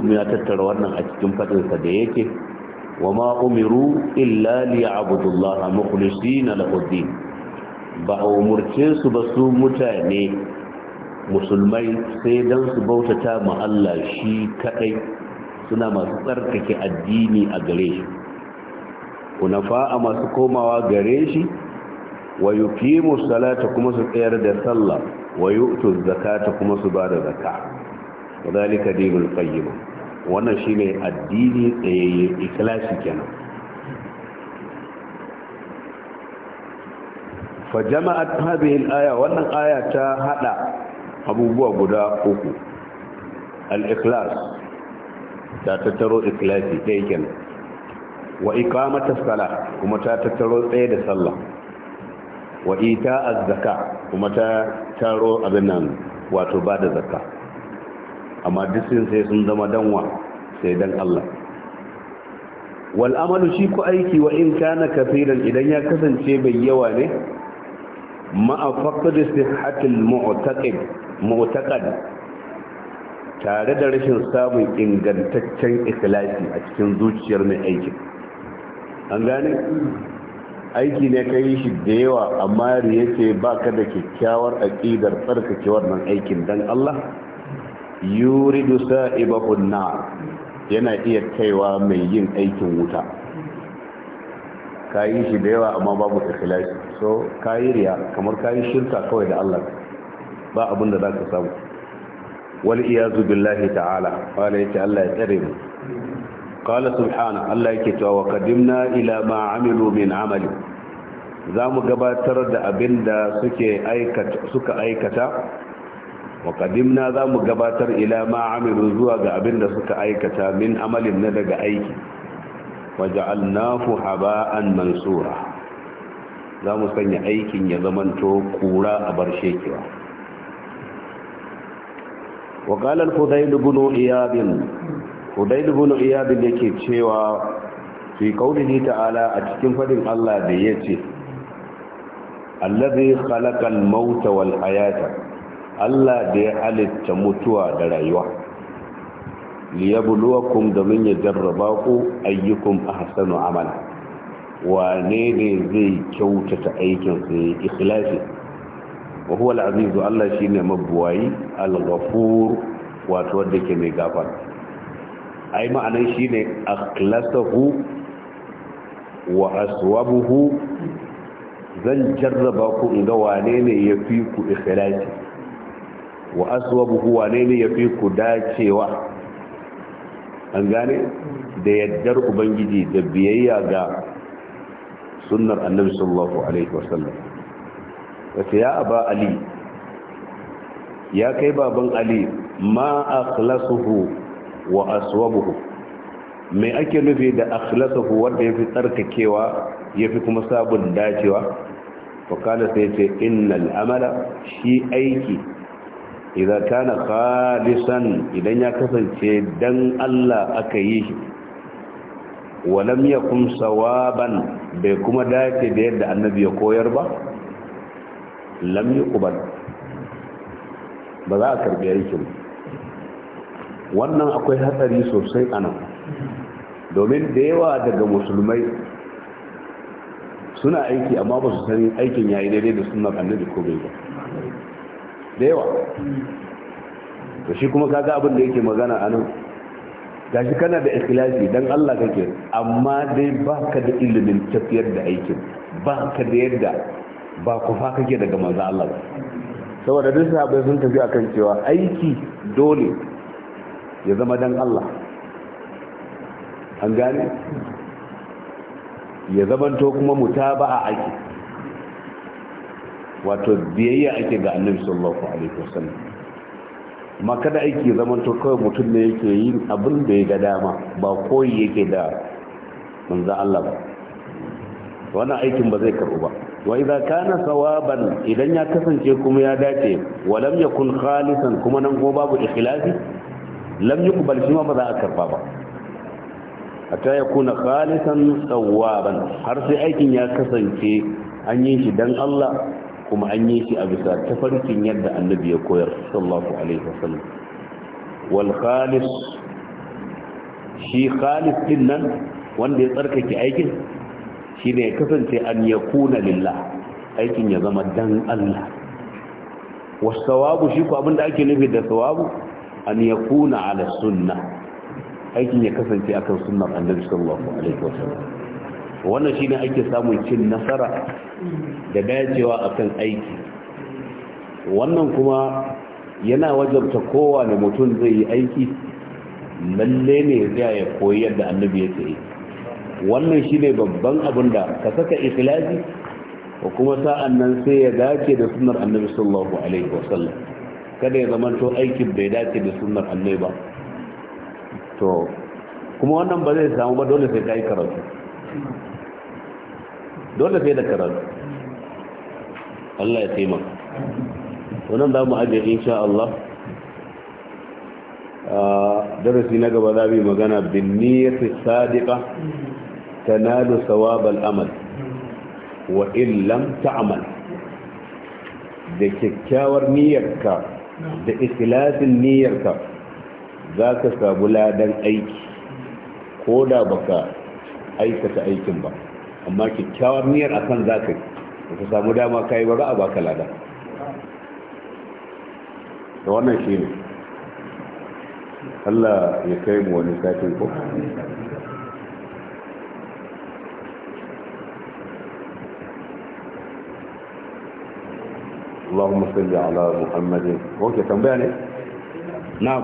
mu ya tattara wannan a cikin fadin sa da yake وما أمروا إلا ليعبدوا الله مخلصين له الدين ba su mutane. musulmai sai don su bautata ma Allah shi kadai suna masu tsarkake addini a gare shi kunafa a masu komawa gare shi wa yuqimu salata kuma su tsayar da sallah wa yu'tu zakata kuma su ba da zakka wadalika dinul qayyim wannan shi ne addini tsayayye ikhlasi kenan fa jama'at hadhihi al-aya wannan aya ta hada abubuwa guda uku al-ikhlas ta tattaro ikhlasi dai kenan wa iqamatus salah kuma ta tattaro tsaye da sallah wa ita az-zaka kuma ta taro abin nan wato bada da amma dusin sai sun zama danwa sai dan Allah wal amalu shi ku aiki wa in kana kafiran idan ya kasance bai yawa ne ma faqd sihhatil mu'taqid mu'taqad tare da rashin samun ingantaccen ikhlasi a cikin zuciyar mai aikin an gane aiki ne ka yi shi da yawa amma riye ce ba ka da kyakkyawar aƙidar tsarkakewar wannan aikin don Allah yuridu sa'ibahun na yana iya kaiwa mai yin aikin wuta kayi shi da yawa amma babu ikhlasi so kayi riya kamar kayi shirka kawai da Allah ba abin da za ka samu wal iyazu billahi ta'ala wala yace Allah ya tsare mu qala subhana Allah yake cewa wa qadimna ila ma amilu min amali zamu gabatar da abinda suke aikata suka aikata wa qadimna za mu gabatar ila ma zuwa ga abin da suka aikata min amalin na daga aiki waja'alnahu haba'an mansura za mu sanya aikin ya zamanto kura a bar shekewa wa qala al-hudayl ibn iyad hudayl yake cewa fi qawlihi ta'ala a cikin fadin Allah da yace allazi khalaqa al-mauta wal hayata Allah da ya halitta mutuwa da rayuwa liyabluwakum domin ya jarraba ku ayyukum ahsanu amala wane ne zai kyautata aikin su ya ikhlasi wa huwa al-aziz Allah shine mabuwai al-ghafur wato wanda ke mai gafara ai ma'anan shine akhlasahu wa aswabuhu zan jarraba ku inda wane ne yafi ku ikhlasi wa aswabu wane ne ya fi ku dacewa an gane da yaddar ubangiji da biyayya ga sunnar annabi sallallahu alaihi wasallam wace ya aba ali ya kai baban ali ma akhlasuhu wa aswabuhu me ake nufi da akhlasuhu wanda yafi tsarkakewa yafi kuma sabon dacewa fa kana sai ce innal amala shi aiki idza kana khalisan idan ya kasance dan Allah aka yi shi lam yakum sawaban bai kuma dace da yadda annabi ya koyar ba lam yuqbal ba za a karbi aikin wannan akwai hatsari sosai anan domin da yawa daga musulmai suna aiki amma ba su sani aikin yayi daidai da suna annabi ko bai ba da yawa to shi kuma kaga abin da yake magana a nan gashi kana da ikhlasi dan Allah kake amma dai baka da ilimin tafiyar da aikin baka da yadda ba ku fa kake daga manzo Allah ba saboda duk sahabbai sun tafi akan cewa aiki dole ya zama dan Allah an gane ya zamanto kuma mutaba'a aiki wato biyayya ake ga annabi sallallahu alaihi wasallam amma kada aiki zaman to kawai mutum ne yake yin abin da ya ga dama ba koyi yake da manzo Allah ba wannan aikin ba zai karbu ba wa idza kana sawaban idan ya kasance kuma ya dace wa lam yakun khalisan kuma nan ko babu ikhlasi lam yuqbal shi ma ba za a karba ba hatta yakuna khalisan sawaban har sai aikin ya kasance an yi shi dan Allah kuma an yi shi a bisa tafarkin yadda annabi ya koyar sallallahu alaihi wasallam wal khalis shi khalis din nan wanda ya tsarkake aikin shine ya kasance an ya yakuna lillah aikin ya zama dan Allah wasu sawabu shi ko abinda ake nufi da sawabu an ya kuna ala sunna aikin ya kasance akan sunnar annabi sallallahu alaihi wasallam wannan shi shine ake samun cin nasara da dacewa akan aiki wannan kuma yana wajabta kowane mutum zai yi aiki lalle ne zai ya koyi yadda annabi ya ce wannan shi ne babban abin da ka saka ikhlasi ko kuma sa'an nan sai ya dace da sunnar annabi sallallahu alaihi wasallam kada ya zama to aikin bai dace da sunnar annabi ba to kuma wannan ba zai samu ba dole sai ka yi karatu dole sai da karatu Allah ya taimaka wannan za mu ajiye insha Allah darasi na gaba za mu yi magana bin niyyati sadiqa tanalu sawab al-amal wa in lam ta'mal da kyakkyawar niyyarka da ikhlasin niyyarka za ka sabu ladan aiki ko da baka aikata aikin ba amma kyakkyawar niyyar a za ka yi da ka samu dama ka yi ba za a baka lada da wannan shi ne allah ya kai mu wani satin ko اللهم صل Muhammadin. محمد tambaya ne? na'am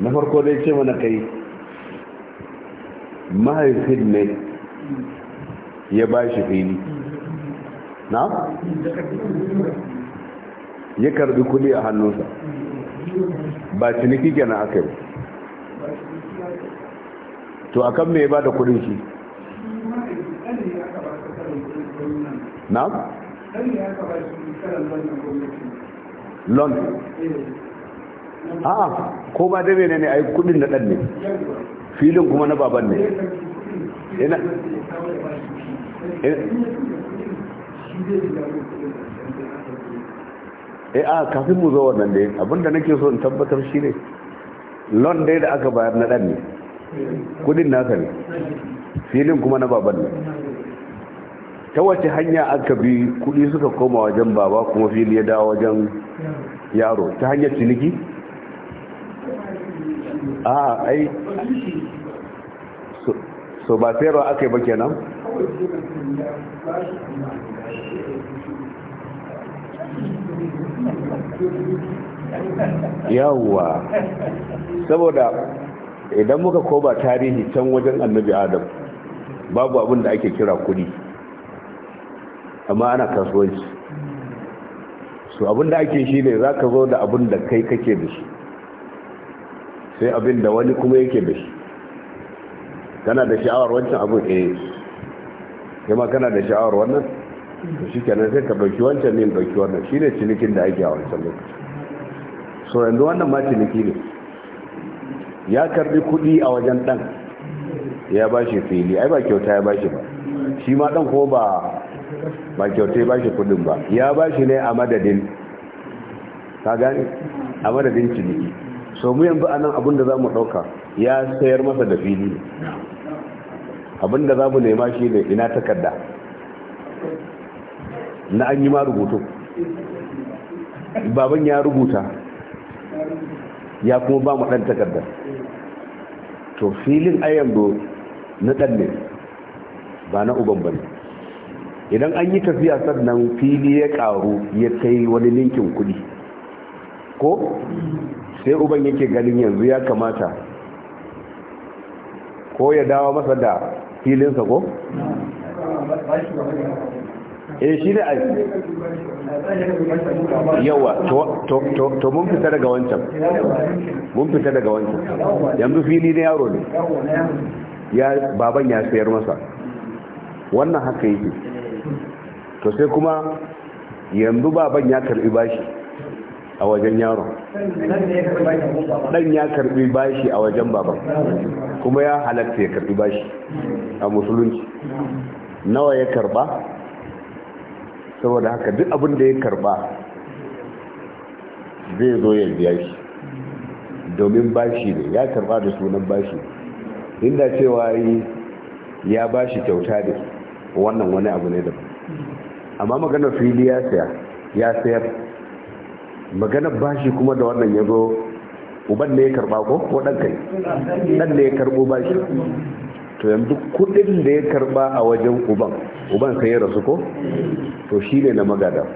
na farko dai ce mana kai mahaifin ne ya ba shi fili na? ya karbi kudi a hannunsa ba ciniki gana aka yi to akan mai ba da kudin shi na? lon eh. a'a ko ba da ne a ai kudin na dan ne filin kuma na baban ne ina eh, eh a kafin mu zo wannan dai abinda nake so in tabbatar shi ne lon dai da aka bayar na dan ne kudin nasa ne filin kuma na baban ne ta wace hanya aka bi kudi suka koma wajen baba kuma fili ya dawo wajen yaro ta hanyar ciniki a ai so ba sayarwa aka yi ba kenan yawwa saboda idan muka koba tarihi can wajen annabi adam babu abin da ake kira kudi amma ana kasuwanci su abin da ake shi ne za ka zo da abin da kai kake da shi sai abin da wani kuma yake da shi kana da sha'awar wancan abin eh kuma kana da sha'awar wannan to shi kenan sai ka ɗauki wancan ne ɗauki wannan shi ne cinikin da ake a wancan lokaci so yanzu wannan ma ciniki ne ya karbi kuɗi a wajen ɗan ya ba shi fili ai ba kyauta ya ba shi ba shi ma ɗan ko ba ba kyauta ya ba shi kuɗin ba ya ba shi ne a madadin ka gani a madadin ciniki so mu yanzu a nan abin da za mu ɗauka ya sayar masa da fili abin da za mu nema shi da ina takarda na an yi ma rubutu baban ya rubuta ya kuma ba mu ɗan takardar to filin ayyan do na ɗan ne ba na uban ba ne idan an yi tafiya sannan fili ya ƙaru ya kai wani ninkin kuɗi ko sai uban yake ganin yanzu ya kamata ko ya dawo masa da filinsa ko? eh shi da aiki yawa to mun fita daga wancan mun fita daga wancan yanzu fili na yaro ne ya baban ya sayar masa wannan haka yake to sai kuma yanzu baban ya karbi bashi a wajen yaron dan ya karbi bashi a wajen baban kuma ya halatta ya karbi bashi a musulunci nawa ya karba saboda haka duk abin da ya karba zai zo ya biya shi domin bashi ne ya karba da sunan bashi inda cewa ya bashi kyauta ne wannan wani abu ne ba, amma maganar fili ya sayar maganar bashi kuma da wannan ya zo uban ne ya karba ko ko dan kai dan ne ya karbo bashi to yanzu kudin da ya karba a wajen uban uban sai ya rasu ko to shine na magada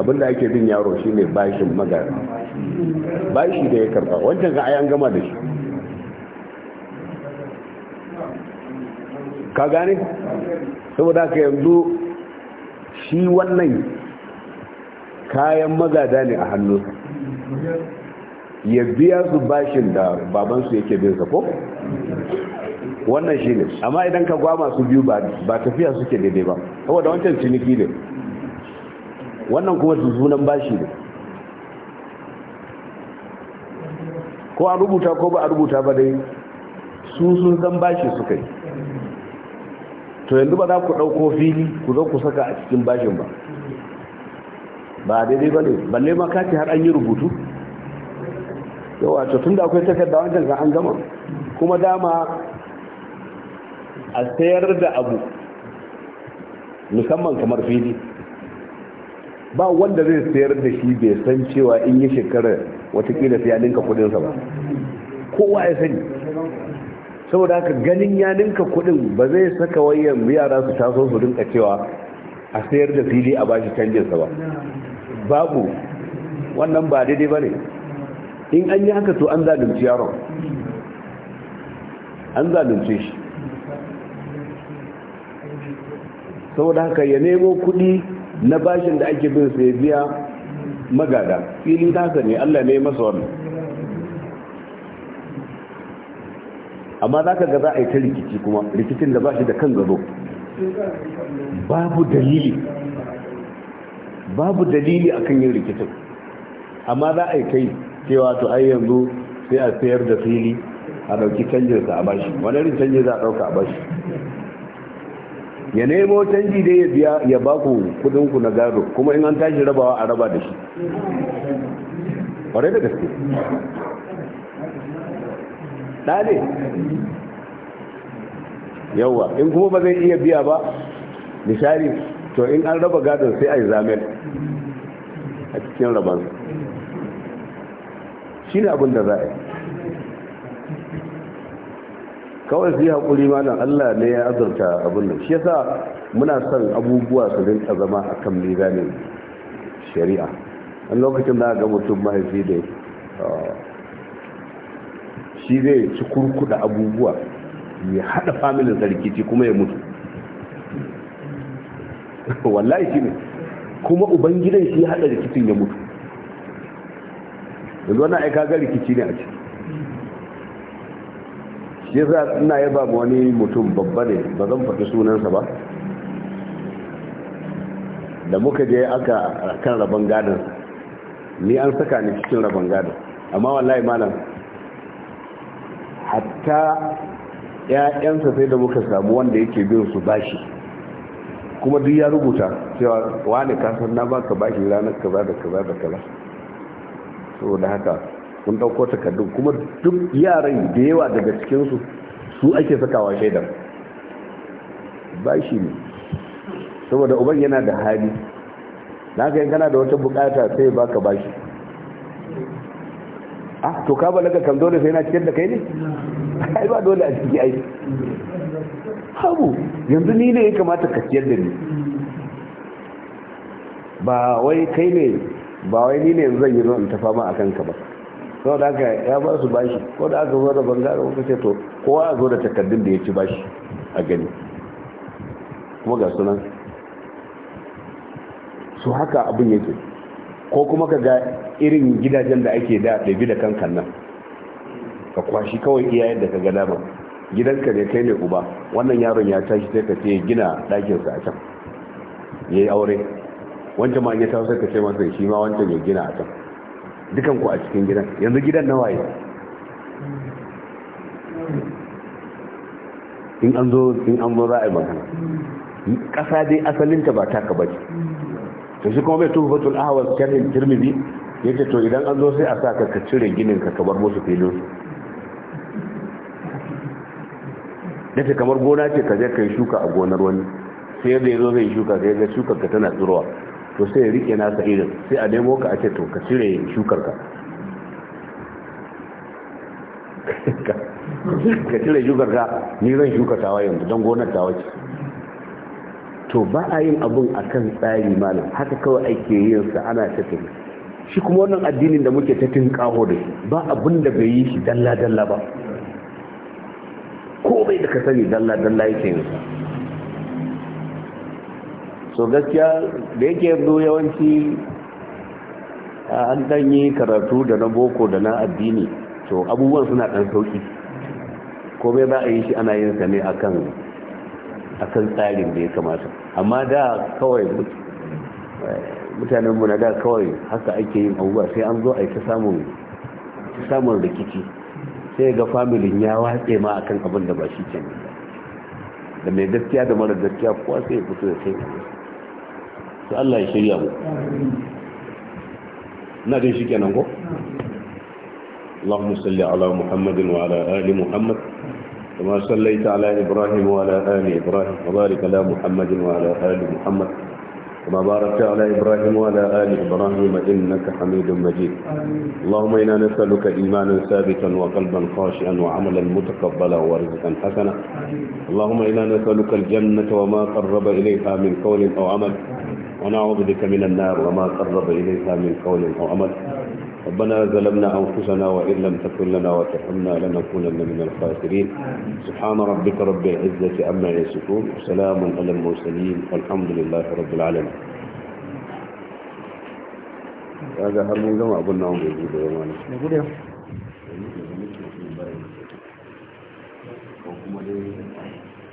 Abin da ake bin yaro shine bashin magada bashi da ya karba wancan ga ayan gama da shi ka gane saboda ka yanzu shi wannan kayan magada ne a hannu ya biya su bashin da babansu yake bin sa ko wannan shi ne amma idan ka gwama su biyu ba tafiya suke daidai ba da wancan ciniki ne wannan kuma sunan bashi ne ko a rubuta ko ba a rubuta ba dai su sun zan bashi suka yi to yanzu ba za ku ɗauko fili ku zo ku saka a cikin bashin ba ba daidai ba ne balle ma kati har an yi rubutu yawa to tun da akwai takarda wancan ga an gama kuma dama a sayar da abu musamman kamar fili ba wanda zai sayar da shi bai san cewa in yi shekarar watakila sai ya ninka kudinsa ba kowa ya sani saboda haka ganin ya ninka kudin ba zai saka wayan yara su taso su dinka cewa a sayar da fili a bashi canjinsa ba babu wannan ba daidai ba ne in an yi haka to an zalunci yaron an zalunce shi saboda haka ya nemo kudi na bashin da ake bin sai biya magada filin haka ne allah ne masa wannan amma za ka ga za a yi ta rikici kuma rikicin da ba shi da kan gado babu dalili babu dalili akan yin rikicin amma za a yi kai cewa to ai yanzu sai a sayar da fili a dauki canjin sa a bashi wani irin canji za a dauka a bashi ya nemo canji dai ya biya ya ba ku kudin ku na gado kuma in an tashi rabawa a raba da shi kwarai da gaske ɗane yawa in kuma ba zai iya biya ba misali to in an raba gadon sai a yi zamen a cikin raban shi ne abin da za a yi kawai sai haƙuri haƙuri malam allah ne ya azurta abin da shi yasa muna son abubuwa su rinka zama a kan mizanin shari'a a lokacin da ga mutum mahaifi da uh, shi zai ci kurkuda abubuwa ya haɗa familin rikici kuma ya mutu wallahi shi ne kuma ubangidan shi hada rikicin ya mutu yanzu wannan aika ga rikici ne a ciki shi yasa ina yaba wani mutum babba ne ba zan faɗi sunansa ba da muka je aka kan rabon gadon ni an saka ni cikin rabon gadon amma wallahi malam hatta 'ya'yansa sai da muka samu wanda yake bin su bashi kuma duk ya rubuta cewa wani kasar na ba ka bakin ranar kaza da kaza da kaza da haka mun dauko takardun kuma duk yaran da yawa daga cikinsu su ake sakawa shaidar ba shi ne saboda uban yana da hali na haka kana da wata bukata sai ba ka bashi ah to ka laka kan dole sai na cikin da kai ne ai ba dole a ciki ai babu yanzu ni ne ya kamata ka ciyar da ni ba wai kai ne ba wai ni ne zan yi zan tafa ma a kanka ba sau da aka ya ba su bashi ko da aka zo da bangare wata ce to kowa a zo da takardun da ya ci bashi a gani kuma ga sunan su haka abin yake ko kuma ka ga irin gidajen da ake da ɗabi da kankan nan ka kwashi kawai iyayen da ka ga damar gidanka ne kai ne uba wannan yaron ya tashi sai ka ce gina ɗakinsa a can ya yi aure wancan ma ya taso sai ka ce masa shi ma wancan ya gina a can dukan ku a cikin gidan yanzu gidan nawa ne in an zo in an zo za a yi magana ƙasa dai asalinta ba taka bace to shi kuma bai tuhfatul ahwas sharhin tirmidhi yace to idan an zo sai a sa ka cire ginin ka ka bar musu filin su da ta kamar gona ce ka je ka yi shuka a gonar wani sai da ya zo zai shuka sai ga shukar ka tana tsirowa to sai ya rike sa irin sai a nemo ka a ce to ka cire shukar ka ka cire shukar ka ni zan shuka tawa yanzu don gonar tawa ce to ba a yin abun kan tsari malam haka kawai ake yin sa ana ta shi kuma wannan addinin da muke ta kaho da ba abin da bai yi shi dalla-dalla ba ka sani dalla dalla yake yi so gaskiya da yake yanzu yawanci an dan karatu da na boko da na addini to abubuwan suna dan sauki ko bai ba a yi shi ana yinsa sa ne akan akan tsarin da ya kamata amma da kawai mutanenmu na da kawai haka ake yin abubuwa sai an zo a yi ta samun rikici sai ga familin ya watse ma akan abin da ba shi can ne da mai gaskiya da mara gaskiya kuwa sai ya fito da kai ne su Allah ya shirya mu na jin shi kenan ko Allah musalli ala muhammadin wa ala ali muhammad kama sallaita ala ibrahim wa ala ali ibrahim wa barik ala muhammadin wa ala ali muhammad كما باركت على إبراهيم وعلى آل إبراهيم إنك حميد مجيد اللهم إنا نسألك إيمانا ثابتا وقلبا خاشعا وعملا متقبلا ورزقا حسنا اللهم إنا نسألك الجنة وما قرب إليها من قول أو عمل ونعوذ بك من النار وما قرب إليها من قول أو عمل ربنا ظلمنا أنفسنا وإن لم تكن لنا وترحمنا لنكونن من الخاسرين سبحان ربك رب العزة عما يصفون وسلام على المرسلين والحمد لله رب العالمين هذا هل من جمع قلنا هم يجيبوا يا مانا نقول يا